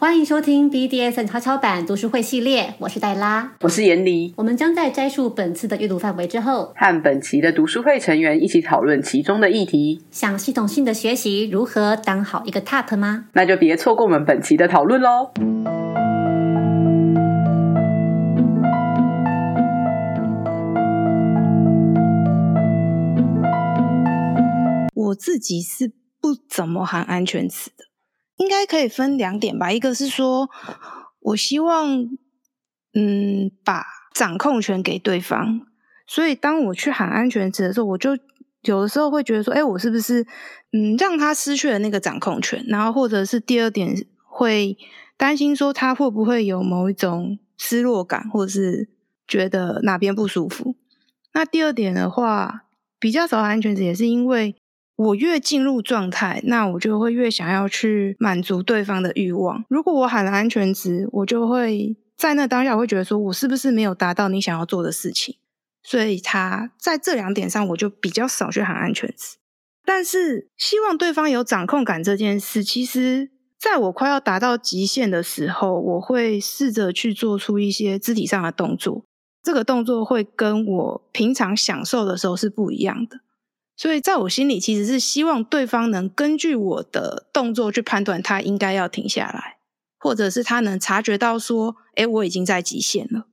歡迎收聽 BDSM 超超版讀書會系列，我是黛拉，我是炎璃。我們將在摘述本次的閱讀範圍之後，和本期的讀書會成員一起討論其中的議題。想系統性的學習如何當好一個 TOP 嗎？那就別錯過我們本期的討論嘍。我自己是不怎麼喊安全詞的。應該可以分兩點吧，一個是說，我希望，嗯，把掌控權給對方，所以當我去喊安全詞的時候，我就有的時候會覺得說，哎，我是不是，嗯，讓他失去了那個掌控權，然後或者是第二點會擔心說他會不會有某一種失落感，或者是覺得哪邊不舒服。那第二點的話，比較少喊安全詞，也是因為，我越進入狀態，那我就會越想要去滿足對方的慾望。如果我喊了安全值，我就會在那當下我會覺得說，我是不是沒有達到你想要做的事情？所以，他在這兩點上，我就比較少去喊安全值。但是，希望對方有掌控感這件事，其實在我快要達到極限的時候，我會試着去做出一些肢體上的動作。這個動作會跟我平常享受的時候是不一樣的。所以在我心裡其實是希望對方能根據我的動作去判斷他應該要停下來，或者是他能察覺到說，哎、欸，我已經在極限了。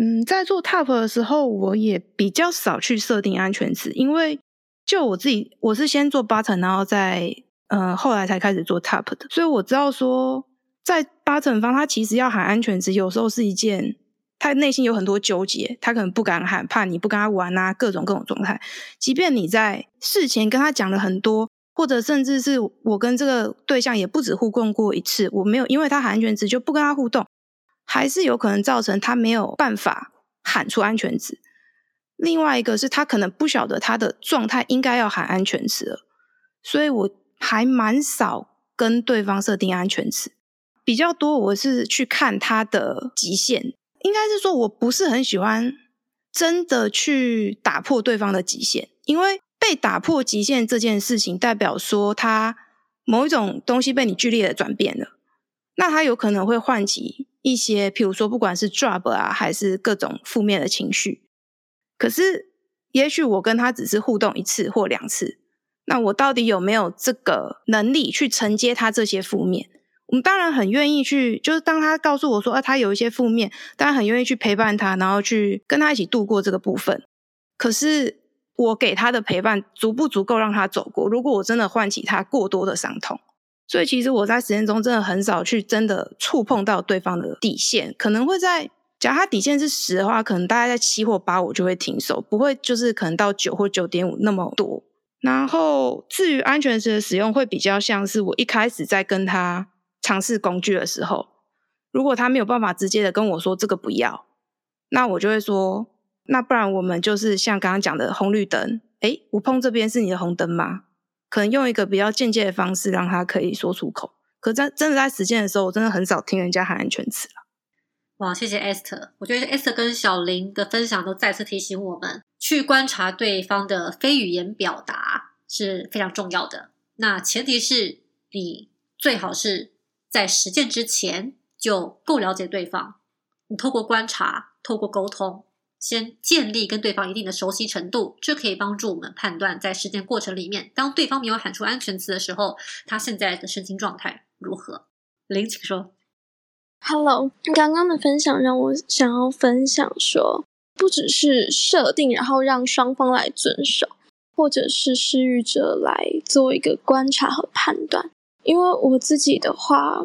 嗯，在做 top 的時候，我也比較少去設定安全詞，因為就我自己，我是先做 bottom，然後再，嗯、呃、後來才開始做 top 的。所以我知道說，在 bottom 方它其實要喊安全詞，有時候是一件。他內心有很多糾結，他可能不敢喊，怕你不跟他玩啊，各種各種狀態。即便你在事前跟他講了很多，或者甚至是我跟這個對象也不止互動過一次，我沒有因為他喊安全詞就不跟他互動，還是有可能造成他沒有辦法喊出安全詞。另外一個是他可能不曉得他的狀態應該要喊安全詞了，所以我還蠻少跟對方設定安全詞，比較多我是去看他的極限。應該是說，我不是很喜歡真的去打破對方的極限，因為被打破極限這件事情，代表說他某一種東西被你劇烈的轉變了，那他有可能會喚起一些，譬如說，不管是 drop 啊，還是各種負面的情緒。可是，也許我跟他只是互動一次或兩次，那我到底有沒有這個能力去承接他這些負面？我們當然很願意去，就是當他告訴我說，啊，他有一些負面，當然很願意去陪伴他，然後去跟他一起度過這個部分。可是我給他的陪伴足不足夠讓他走過？如果我真的喚起他過多的傷痛，所以其實我在實踐中真的很少去真的觸碰到對方的底線。可能會在，假如他底線是十的話，可能大概在七或八，我就會停手，不會就是可能到九或九點五那麼多。然後至於安全值的使用，會比較像是我一開始在跟他。嘗試工具的時候，如果他沒有辦法直接的跟我說這個不要，那我就會說，那不然我們就是像剛剛講的紅綠燈，哎，我碰這邊是你的紅燈嗎？可能用一個比較間接的方式讓他可以說出口。可真真的在實踐的時候，我真的很少聽人家喊安全詞了。哇，謝謝 Esther，我覺得 Esther 跟小林的分享都再次提醒我們，去觀察對方的非語言表達是非常重要的。那前提是，你最好是。在實踐之前就夠了解對方，你透過觀察、透過溝通，先建立跟對方一定的熟悉程度，這可以幫助我們判斷在實踐過程裡面，當對方沒有喊出安全詞的時候，他現在的身心狀態如何。Lin，請說：“Hello，剛剛的分享讓我想要分享說，不只是設定，然後讓雙方來遵守，或者是施予者來做一個觀察和判斷。”因為我自己的話，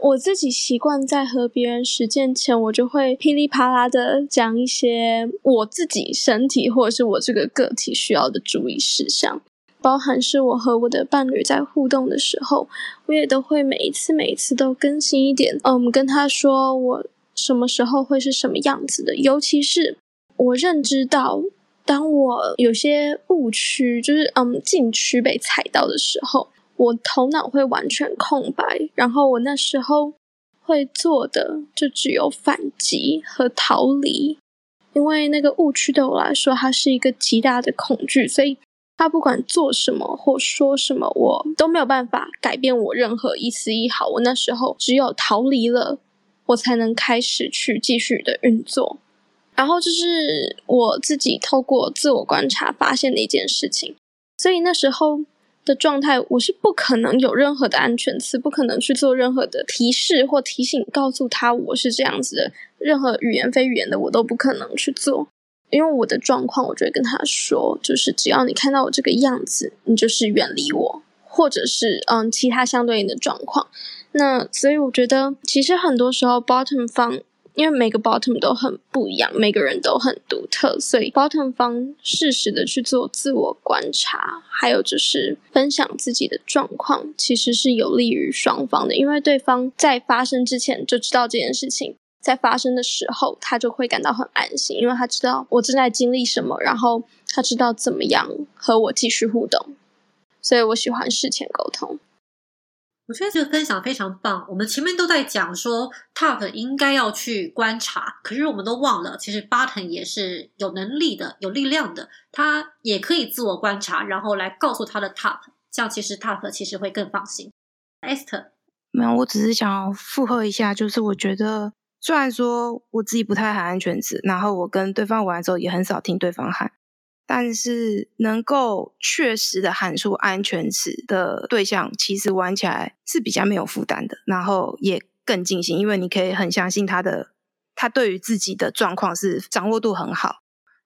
我自己習慣在和別人實踐前，我就會噼里啪啦的講一些我自己身體或者是我這個個體需要的注意事項，包含是我和我的伴侶在互動的時候，我也都會每一次每一次都更新一點，嗯，跟他說我什麼時候會是什麼樣子的，尤其是我認知到，當我有些誤區，就是嗯禁區被踩到的時候。我頭腦會完全空白，然後我那時候會做的就只有反擊和逃離，因為那個誤區對我來說，它是一個極大的恐懼，所以他不管做什麼或說什麼，我都沒有辦法改變我任何一絲一毫。我那時候只有逃離了，我才能開始去繼續的運作。然後就是我自己透過自我觀察發現的一件事情，所以那時候的狀態，我是不可能有任何的安全詞，不可能去做任何的提示或提醒，告訴他我是這樣子的，任何語言非語言的，我都不可能去做，因為我的狀況，我就會跟他說，就是只要你看到我這個樣子，你就是遠離我，或者是嗯其他相對應的狀況。那所以我覺得，其實很多時候，bottom 方。因為每個 bottom 都很不一樣，每個人都很獨特，所以 bottom 方適時的去做自我觀察，還有就是分享自己的狀況，其實是有利於雙方的。因為對方在發生之前就知道這件事情，在發生的時候，他就會感到很安心，因為他知道我正在經歷什麼，然後他知道怎麼樣和我繼續互動。所以我喜歡事前溝通。我覺得這個分享非常棒。我們前面都在講說，TOP 應該要去觀察，可是我們都忘了，其實 Bottom 也是有能力的、有力量的，他也可以自我觀察，然後來告訴他的 TOP。這樣其實 TOP 其實會更放心。Esther？沒有，我只是想要附和一下，就是我覺得雖然說我自己不太喊安全詞，然後我跟對方玩的時候也很少聽對方喊。但是能夠確實的喊出安全詞的對象，其實玩起來是比較沒有負擔的，然後也更盡興，因為你可以很相信他的，他對於自己的狀況是掌握度很好。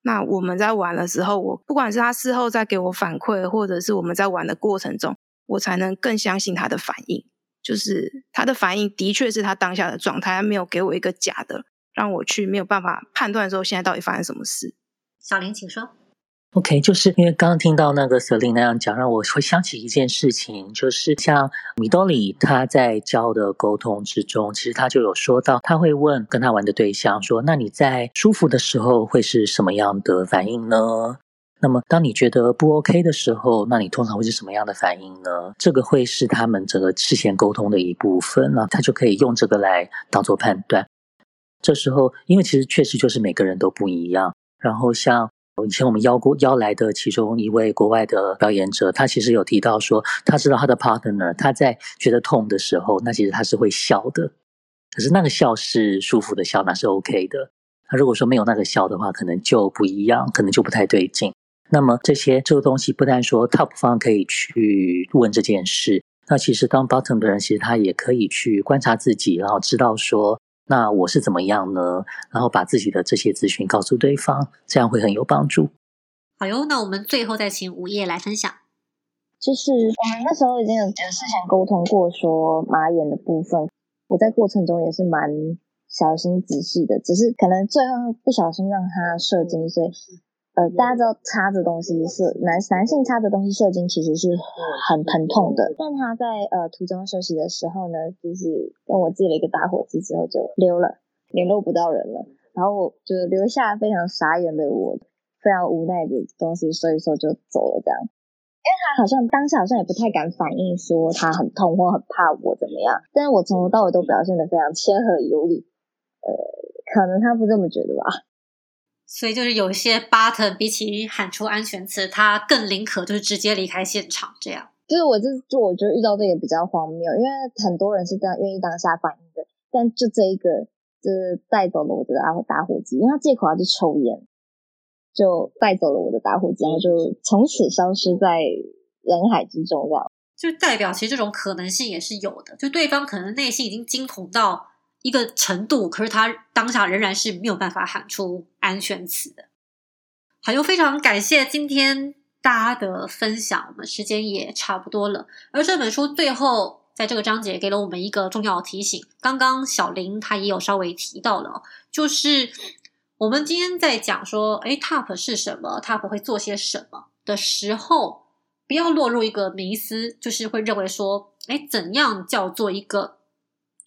那我們在玩的時候，我不管是他事後再給我反饋，或者是我們在玩的過程中，我才能更相信他的反應，就是他的反應的確是他當下的狀態，他沒有給我一個假的，讓我去沒有辦法判斷說現在到底發生什麼事。小林，請說。OK，就是因為剛剛聽到那個瑟琳那樣講，讓我回想起一件事情，就是像米多里他在教的溝通之中，其實他就有說到，他會問跟他玩的對象說：“那你在舒服的時候會是什麼樣的反應呢？那麼當你覺得不 OK 的時候，那你通常會是什麼樣的反應呢？這個會是他們整個事先溝通的一部分，啊，呢，他就可以用這個來當做判斷。這時候，因為其實確實就是每個人都不一樣，然後像。以前我們邀過邀來的其中一位國外的表演者，他其實有提到說，他知道他的 partner 他在覺得痛的時候，那其實他是會笑的。可是那個笑是舒服的笑，那是 OK 的。那如果說沒有那個笑的話，可能就不一樣，可能就不太對勁。那麼這些這個東西，不但說 top 方可以去問這件事，那其實當 bottom 的人，其實他也可以去觀察自己，然後知道說。那我是怎麼樣呢？然後把自己的這些資訊告訴對方，這樣會很有幫助。好喲，那我們最後再請午夜來分享。就是我們、嗯、那時候已經有事先溝通過，說馬眼的部分，我在過程中也是蠻小心仔細的，只是可能最後不小心讓他射精，嗯、所以。呃，大家知道擦東西是男男性擦着東西，射精其實是很疼痛的。但他在呃途中休息的時候呢，就是跟我借了一個打火機之後就溜了，聯絡不到人了。然後我就留下非常傻眼的我，非常無奈的東西，所以說就走了這樣。因為他好像當時好像也不太敢反應，說他很痛或很怕我怎麼樣。但是我從頭到尾都表現得非常謙和有禮，呃，可能他不這麼覺得吧。所以就是有一些 Bottom，比起喊出安全詞，他更寧可就是直接離開現場這樣。就是我就就我覺得遇到這也比較荒謬，因為很多人是這樣願意當下反應的。但就這一個，就是帶走了我的打火打火機，因為他借口要去抽菸，就帶走了我的打火機，然後就從此消失在人海之中這樣。就代表其實這種可能性也是有的，就對方可能內心已經驚恐到，一個程度，可是他當下仍然是沒有辦法喊出安全詞的。好，又非常感謝今天大家的分享，我們時間也差不多了。而這本書最後在這個章節給了我們一個重要提醒，剛剛小林他也有稍微提到了，就是我們今天在講說，哎，Top 是什麼，Top 會做些什麼的時候，不要落入一個迷思，就是會認為說，哎，怎樣叫做一個。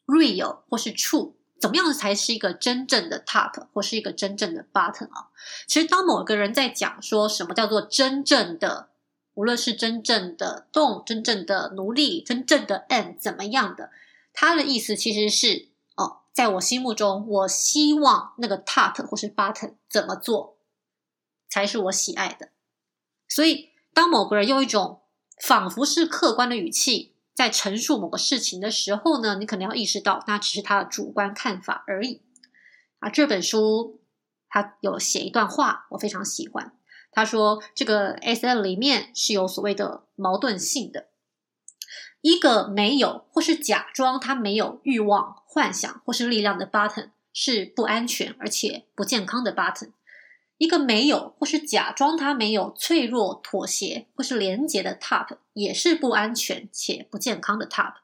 real 或是 true，怎麼樣才是一個真正的 top 或是一個真正的 bottom 啊？其實當某個人在講說什麼叫做真正的，無論是真正的動、真正的奴隸，真正的 M 怎麼樣的，他的意思其實是哦，在我心目中，我希望那個 top 或是 bottom 怎麼做才是我喜愛的。所以當某個人用一種仿佛是客觀的語氣。在陳述某個事情的時候呢，你可能要意識到，那只是他的主觀看法而已。啊，這本書他有寫一段話，我非常喜歡。他說：“這個 SM 裡面是有所謂的矛盾性的，一個沒有或是假裝他沒有欲望、幻想或是力量的 Bottom 是不安全而且不健康的 Bottom。”一個沒有或是假裝他沒有脆弱、妥協或是連結的 top，也是不安全且不健康的 top。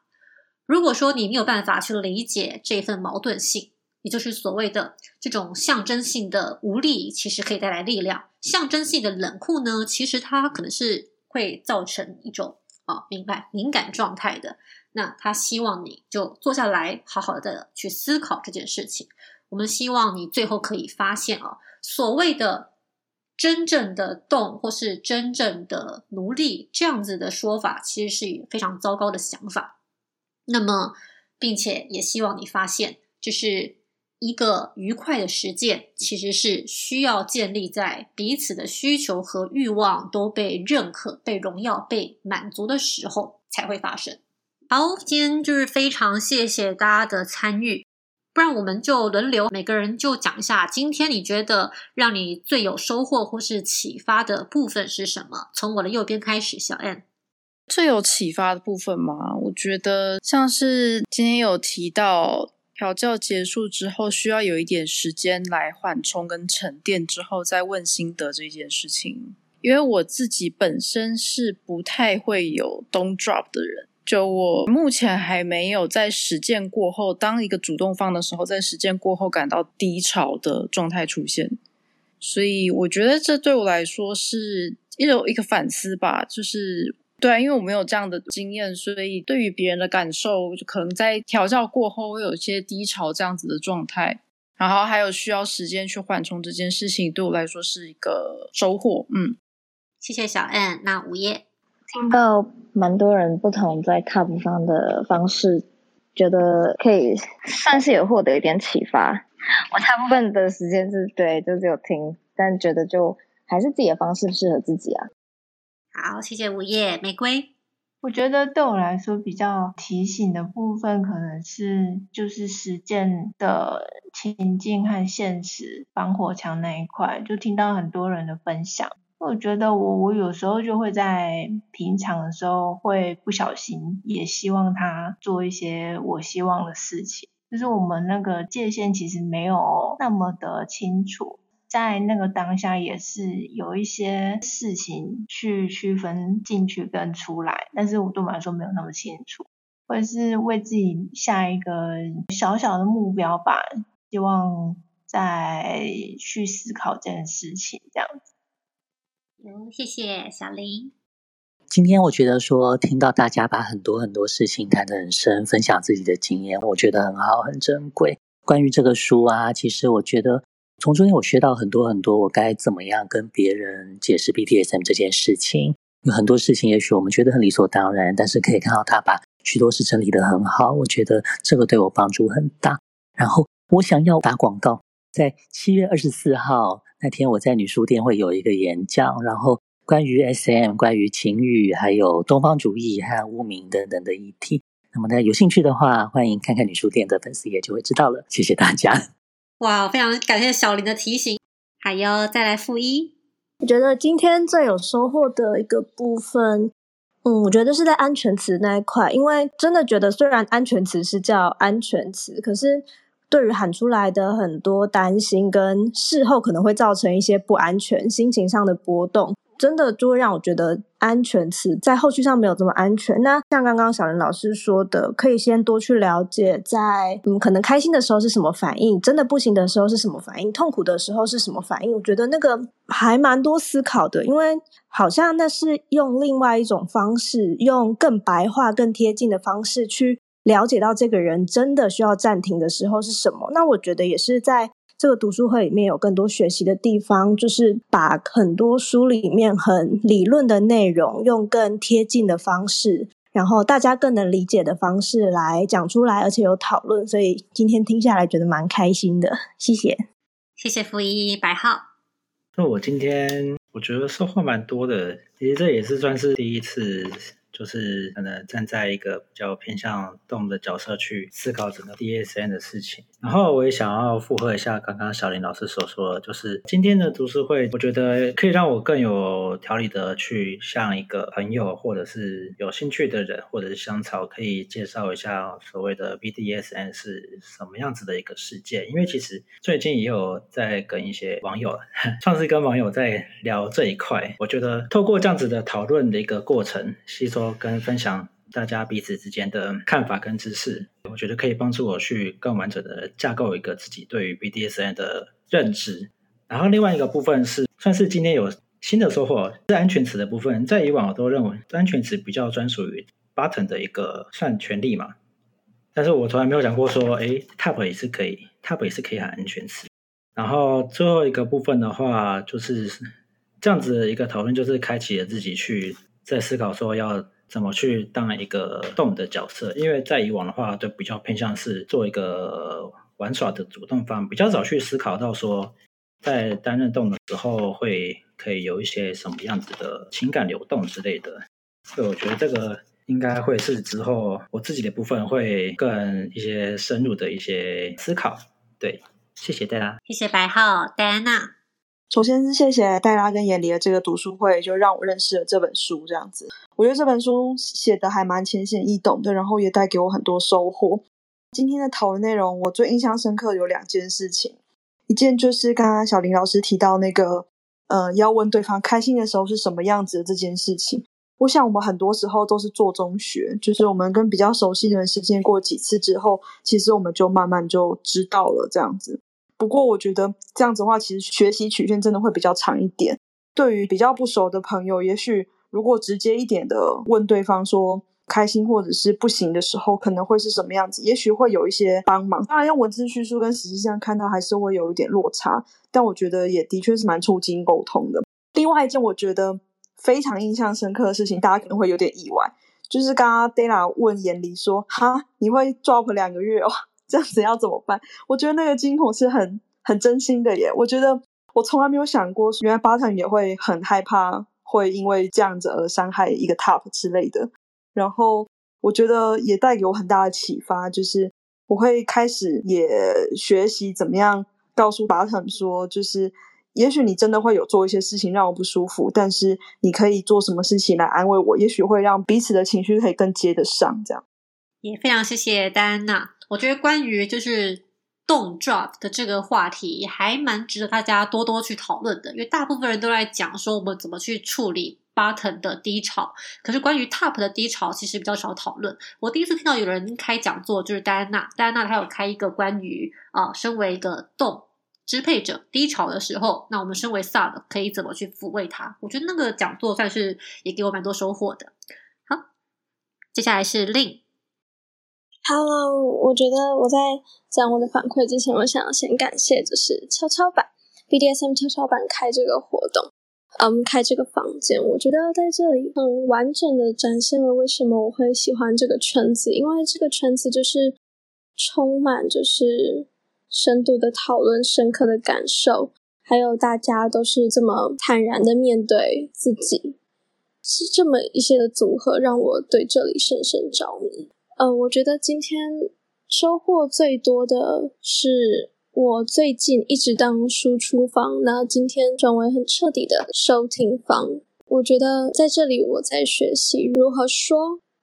如果說你沒有辦法去理解這份矛盾性，也就是所謂的這種象徵性的無力，其實可以帶來力量；象徵性的冷酷呢，其實它可能是會造成一種啊、哦，明白敏感狀態的。那他希望你就坐下來，好好的去思考這件事情。我們希望你最後可以發現啊。所謂的真正的主或是真正的奴隸這樣子的說法，其實是一個非常糟糕的想法。那麼，並且也希望你發現，就是一個愉快的實踐，其實是需要建立在彼此的需求和慾望都被認可、被榮耀、被滿足的時候才會發生。好，今天就是非常謝謝大家的參與。不然我們就輪流，每個人就講一下，今天你覺得讓你最有收穫或是啟發的部分是什麼？從我的右邊開始，小 M。最有啟發的部分嗎？我覺得像是今天有提到調教結束之後，需要有一點時間來緩衝跟沉澱之後再問心得這件事情，因為我自己本身是不太會有 don't drop 的人。就我目前還沒有在實踐過後，當一個主動方的時候，在實踐過後感到低潮的狀態出現，所以我覺得這對我來說是一有一個反思吧。就是對啊，因為我沒有這樣的經驗，所以對於別人的感受，就可能在調教過後會有一些低潮這樣子的狀態，然後還有需要時間去緩衝這件事情，對我來說是一個收穫。嗯，謝謝小 M，那午夜。聽到蠻多人不同在 Top 上的方式，覺得可以算是有獲得一點啟發。我大部分的時間是對，就只有聽，但覺得就還是自己的方式適合自己啊。好，謝謝午夜。玫瑰。我覺得對我來說比較提醒的部分，可能是就是實踐的情境和現實防火牆那一塊，就聽到很多人的分享。我覺得我我有時候就會在平常的時候會不小心，也希望他做一些我希望的事情。就是我們那個界限其實沒有那麼的清楚，在那個當下也是有一些事情去區分進去跟出來，但是我對我來說沒有那麼清楚，或者是為自己下一個小小的目標吧，希望再去思考這件事情，這樣子。嗯，謝謝小林。今天我覺得說，聽到大家把很多很多事情談得很深，分享自己的經驗，我覺得很好，很珍貴。關於這個書啊，其實我覺得從中間我學到很多很多，我該怎麼樣跟別人解釋 BDSM 這件事情。有很多事情，也許我們覺得很理所當然，但是可以看到他把許多事整理的很好，我覺得這個對我幫助很大。然後我想要打廣告。在七月二十四號那天，我在女書店會有一個演講，然後關於 SM，關於情慾、還有東方主義還有污名等等的議題。那麼大家有興趣的話，歡迎看看女書店的粉絲頁就會知道了。謝謝大家！哇，非常感謝小林的提醒，還要再來負壹。我覺得今天最有收穫的一個部分，嗯，我覺得是在安全詞那一塊，因為真的覺得雖然安全詞是叫安全詞，可是。對於喊出來的很多擔心，跟事後可能會造成一些不安全、心情上的波動，真的就會讓我覺得安全詞在後續上沒有這麼安全啊。那像剛剛小林老師說的，可以先多去了解在，在嗯，可能開心的時候是什麼反應，真的不行的時候是什麼反應，痛苦的時候是什麼反應。我覺得那個還蠻多思考的，因為好像那是用另外一種方式，用更白話、更貼近的方式去。了解到這個人真的需要暫停的時候是什麼？那我覺得也是在這個讀書會裡面有更多學習的地方，就是把很多書裡面很理論的內容，用更貼近的方式，然後大家更能理解的方式來講出來，而且有討論，所以今天聽下來覺得蠻開心的。謝謝，謝謝負壹、白皓。那我今天我覺得收穫蠻多的，其實這也是算是第一次。就是，可能站在一個比較偏向動物的角色去思考整個 BDSM 的事情。然後我也想要附和一下剛剛小林老師所說的，就是今天的讀書會，我覺得可以讓我更有條理的去向一個朋友或者是有興趣的人，或者是香草，可以介紹一下所謂的 BDSM 是什麼樣子的一個世界。因為其實最近也有在跟一些網友，上次跟網友在聊這一塊，我覺得透過這樣子的討論的一個過程，吸收跟分享。大家彼此之間的看法跟知識，我覺得可以幫助我去更完整的架構一個自己對於 BDSM 的認知。然後另外一個部分是，算是今天有新的收穫，是安全詞的部分，在以往我都認為安全詞比較專屬於 Bottom 的一個算權利嘛，但是我從來沒有講過說，誒 Top 也是可以，Top 也是可以喊安全詞。然後最後一個部分的話，就是這樣子一個討論，就是開啟了自己去在思考說要。怎麼去當一個動的角色？因為在以往的話，就比較偏向是做一個玩耍的主動方，比較早去思考到說，在擔任動的時候會可以有一些什麼樣子的情感流動之類的。所以我覺得這個應該會是之後我自己的部分會更一些深入的一些思考。對，謝謝大家，謝謝白皓。Diana 首先是謝謝黛拉跟炎璃的這個讀書會，就讓我認識了這本書，這樣子，我覺得這本書寫的還蠻淺顯易懂的，然後也帶給我很多收穫。今天的討論內容，我最印象深刻有兩件事情，一件就是剛剛小林老師提到那個，呃，要問對方開心的時候是什麼樣子的這件事情。我想我們很多時候都是做中學，就是我們跟比較熟悉的人實踐過幾次之後，其實我們就慢慢就知道了這樣子。不過我覺得這樣子的話，其實學習曲線真的會比較長一點。對於比較不熟的朋友，也許如果直接一點的問對方說開心或者是不行的時候，可能會是什麼樣子？也許會有一些幫忙。當然，用文字敘述跟實際上看到還是會有一點落差，但我覺得也的確是蠻促進溝通的。另外一件我覺得非常印象深刻的事情，大家可能會有點意外，就是剛剛 Della 問炎璃說：“哈，你會 drop 兩個月哦？”這樣子要怎麼辦？我覺得那個驚恐是很很真心的耶。我覺得我從來沒有想過，原來 Bottom 也會很害怕，會因為這樣子而傷害一個 Top 之類的。然後我覺得也帶給我很大的啟發，就是我會開始也學習怎麼樣告訴 Bottom 說，就是也許你真的會有做一些事情讓我不舒服，但是你可以做什麼事情來安慰我，也許會讓彼此的情緒可以更接得上，這樣。也非常謝謝戴安娜。我覺得關於就是 Dom drop 的這個話題，還蠻值得大家多多去討論的。因為大部分人都在講說我們怎麼去處理 bottom 的低潮，可是關於 top 的低潮，其實比較少討論。我第一次聽到有人開講座，就是戴安娜。戴安娜她有開一個關於啊，身為一個 Dom 支配者低潮的時候，那我們身為 sub 可以怎麼去撫慰他？我覺得那個講座算是也給我蠻多收穫的。好，接下來是 Lin。哈嘍，我覺得我在講我的反饋之前，我想要先感謝，就是蹺蹺板 BDSM 蹺蹺板開這個活動，嗯，開這個房間，我覺得在這裡嗯，完整的展現了為什麼我會喜歡這個圈子，因為這個圈子就是充滿就是深度的討論、深刻的感受，還有大家都是這麼坦然的面對自己，是這麼一些的組合，讓我對這裡深深着迷。呃，我覺得今天收穫最多的是我最近一直當輸出方，然後今天轉為很徹底的收聽方。我覺得在這裡我在學習如何說，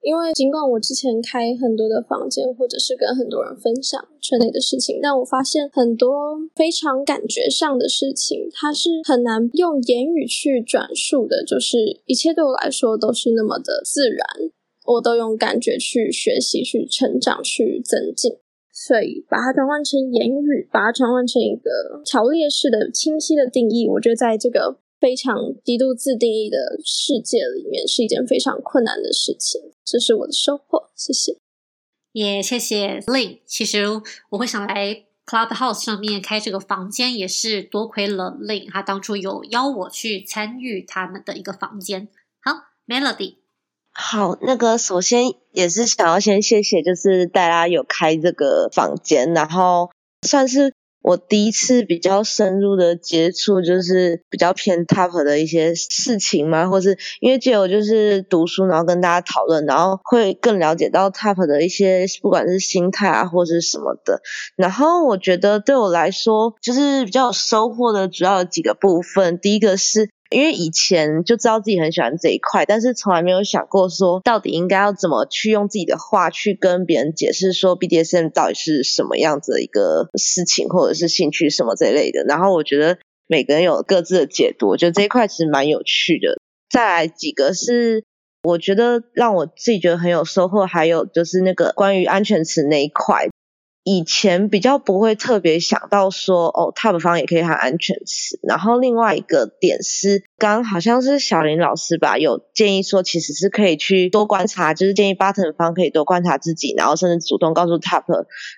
因為儘管我之前開很多的房間，或者是跟很多人分享圈內的事情，但我發現很多非常感覺上的事情，它是很難用言語去轉述的，就是一切對我來說都是那麼的自然。我都用感覺去學習、去成長、去增進，所以把它轉換成言語，把它轉換成一個條列式的、清晰的定義。我覺得在這個非常極度自定義的世界裡面，是一件非常困難的事情。這是我的收穫，謝謝，也、yeah, 謝謝 Lin。其實我會想來 Clubhouse 上面開這個房間，也是多虧了 Lin，他當初有邀我去參與他們的一個房間。好，Melody。好，那個首先也是想要先謝謝，就是大家有開這個房間，然後算是我第一次比較深入的接觸，就是比較偏 top 的一些事情嘛，或是因為藉由就是讀書，然後跟大家討論，然後會更了解到 top 的一些不管是心態啊，或是什麼的。然後我覺得對我來說，就是比較有收穫的主要有幾個部分，第一個是。因為以前就知道自己很喜歡這一塊，但是從來沒有想過說到底應該要怎麼去用自己的話去跟別人解釋說 BDSM 到底是什麼樣子的一個事情，或者是興趣什麼這一類的。然後我覺得每個人有各自的解讀，我覺得這一塊其實蠻有趣的。再來幾個是，我覺得讓我自己覺得很有收穫，還有就是那個關於安全詞那一塊。以前比較不會特別想到說，哦，top 方也可以喊安全詞。然後另外一個點是，剛好像是小林老師吧，有建議說，其實是可以去多觀察，就是建議 bottom 方可以多觀察自己，然後甚至主動告訴 top，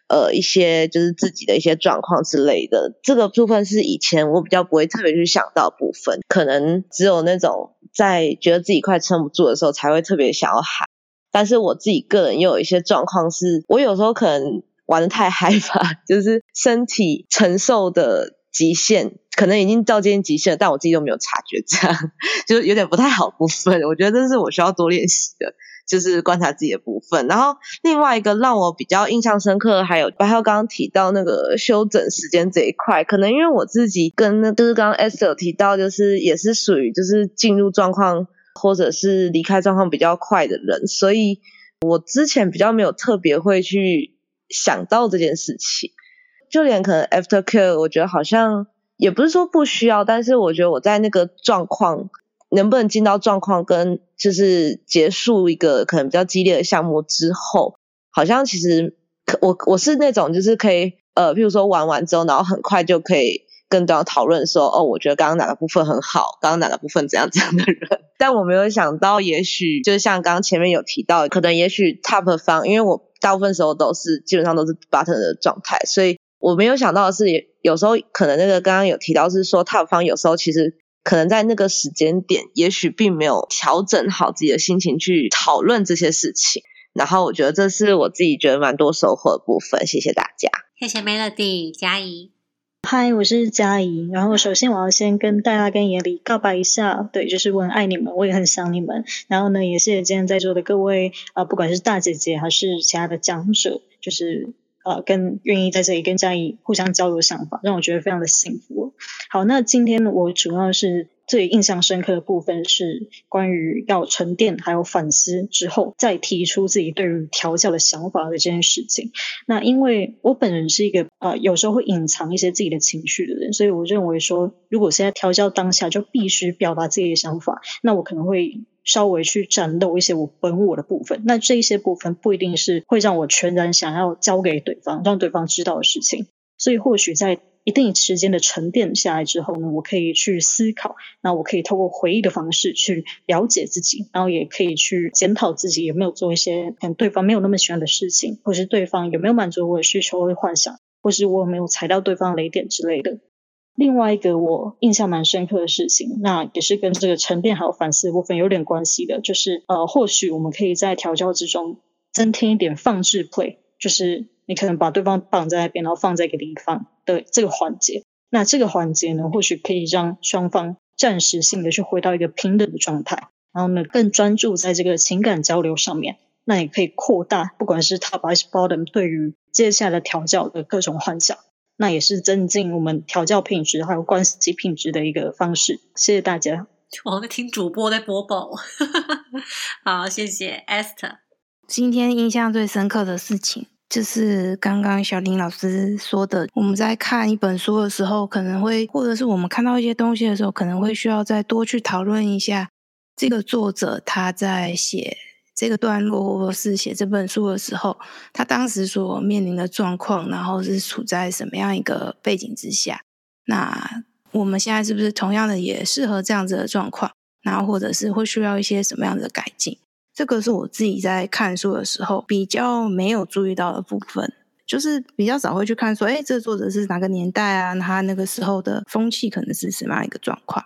呃，一些就是自己的一些狀況之類的。這個部分是以前我比較不會特別去想到的部分，可能只有那種在覺得自己快撐不住的時候才會特別想要喊。但是我自己個人又有一些狀況是，我有時候可能。玩得太嗨吧，就是身體承受的極限可能已經到今天極限了，但我自己都沒有察覺，這樣就是有點不太好。部分我覺得這是我需要多練習的，就是觀察自己的部分。然後另外一個讓我比較印象深刻，還有白皓剛剛提到那個休整時間這一塊，可能因為我自己跟那個、就是剛剛 Esther 有提到，就是也是屬於就是進入狀況或者是離開狀況比較快的人，所以我之前比較沒有特別會去。想到這件事情，就連可能 aftercare，我覺得好像也不是說不需要，但是我覺得我在那個狀況，能不能進到狀況跟就是結束一個可能比較激烈的項目之後，好像其實我我是那種就是可以，呃，譬如說玩完之後，然後很快就可以。更多要討論說：“哦，我覺得剛剛哪個部分很好，剛剛哪個部分怎樣怎樣的人。”但我沒有想到，也許就像剛剛前面有提到，可能也許 top 方，因為我大部分時候都是基本上都是 bottom 的狀態，所以我沒有想到的是，有時候可能那個剛剛有提到是說 top 方有時候其實可能在那個時間點，也許並沒有調整好自己的心情去討論這些事情。然後我覺得這是我自己覺得蠻多收穫的部分。謝謝大家，謝謝 Melody 家儀。嗨，我是家儀。然後首先我要先跟黛拉跟炎璃告白一下，對，就是我很愛你們，我也很想你們。然後呢，也謝謝今天在座的各位啊、呃，不管是大姐姐還是其他的講者，就是呃，跟願意在這裡跟家儀互相交流想法，讓我覺得非常的幸福。好，那今天我主要是。最印象深刻的部分是關於要沉澱，還有反思之後再提出自己對於調教的想法的這件事情。那因為我本人是一個呃有時候會隱藏一些自己的情緒的人，所以我認為說，如果現在調教當下就必須表達自己的想法，那我可能會稍微去展露一些我本我的部分。那這些部分不一定是會讓我全然想要交給對方，讓對方知道的事情。所以或許在。一定時間的沉澱下來之後呢，我可以去思考，那我可以透過回憶的方式去了解自己，然後也可以去檢討自己有沒有做一些對方沒有那麼喜歡的事情，或是對方有沒有滿足我的需求或者幻想，或是我有沒有踩到對方的雷點之類的。另外一個我印象蠻深刻的事情，那也是跟這個沉澱還有反思的部分有點關係的，就是呃，或許我們可以在調教之中增添一點放置 play，就是。你可能把對方綁在那邊，然後放在一個地方的這個環節。那這個環節呢，或許可以讓雙方暫時性的去回到一個平等的狀態，然後呢，更專注在這個情感交流上面。那也可以擴大，不管是 top 還是 bottom，對於接下來的調教的各種幻想，那也是增進我們調教品質還有關係品質的一個方式。謝謝大家。我在聽主播在播報。 好，謝謝 Esther。今天印象最深刻的事情。就是剛剛小林老師說的，我們在看一本書的時候，可能會，或者是我們看到一些東西的時候，可能會需要再多去討論一下這個作者他在寫這個段落，或者是寫這本書的時候，他當時所面臨的狀況，然後是處在什麼樣一個背景之下。那我們現在是不是同樣的也適合這樣子的狀況？然後或者是會需要一些什麼樣的改進？這個是我自己在看書的時候比較沒有注意到的部分，就是比較少會去看說，哎，這個作者是哪個年代啊？他那個時候的風氣可能是什麼樣的一個狀況？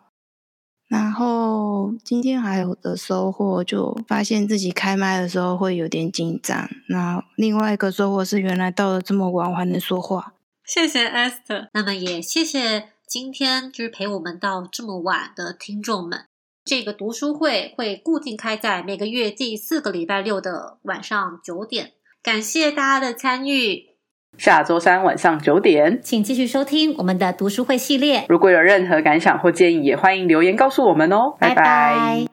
然後今天還有的收穫，就發現自己開麥的時候會有點緊張。那另外一個收穫是，原來到了這麼晚，我還能說話。謝謝 Esther，那麼也謝謝今天就是陪我們到這麼晚的聽眾們。這個讀書會會固定開在每個月第四個禮拜六的晚上九點。感謝大家的參與，下週三晚上九點，請繼續收聽我們的讀書會系列。如果有任何感想或建議，也歡迎留言告訴我們哦。拜拜。拜拜。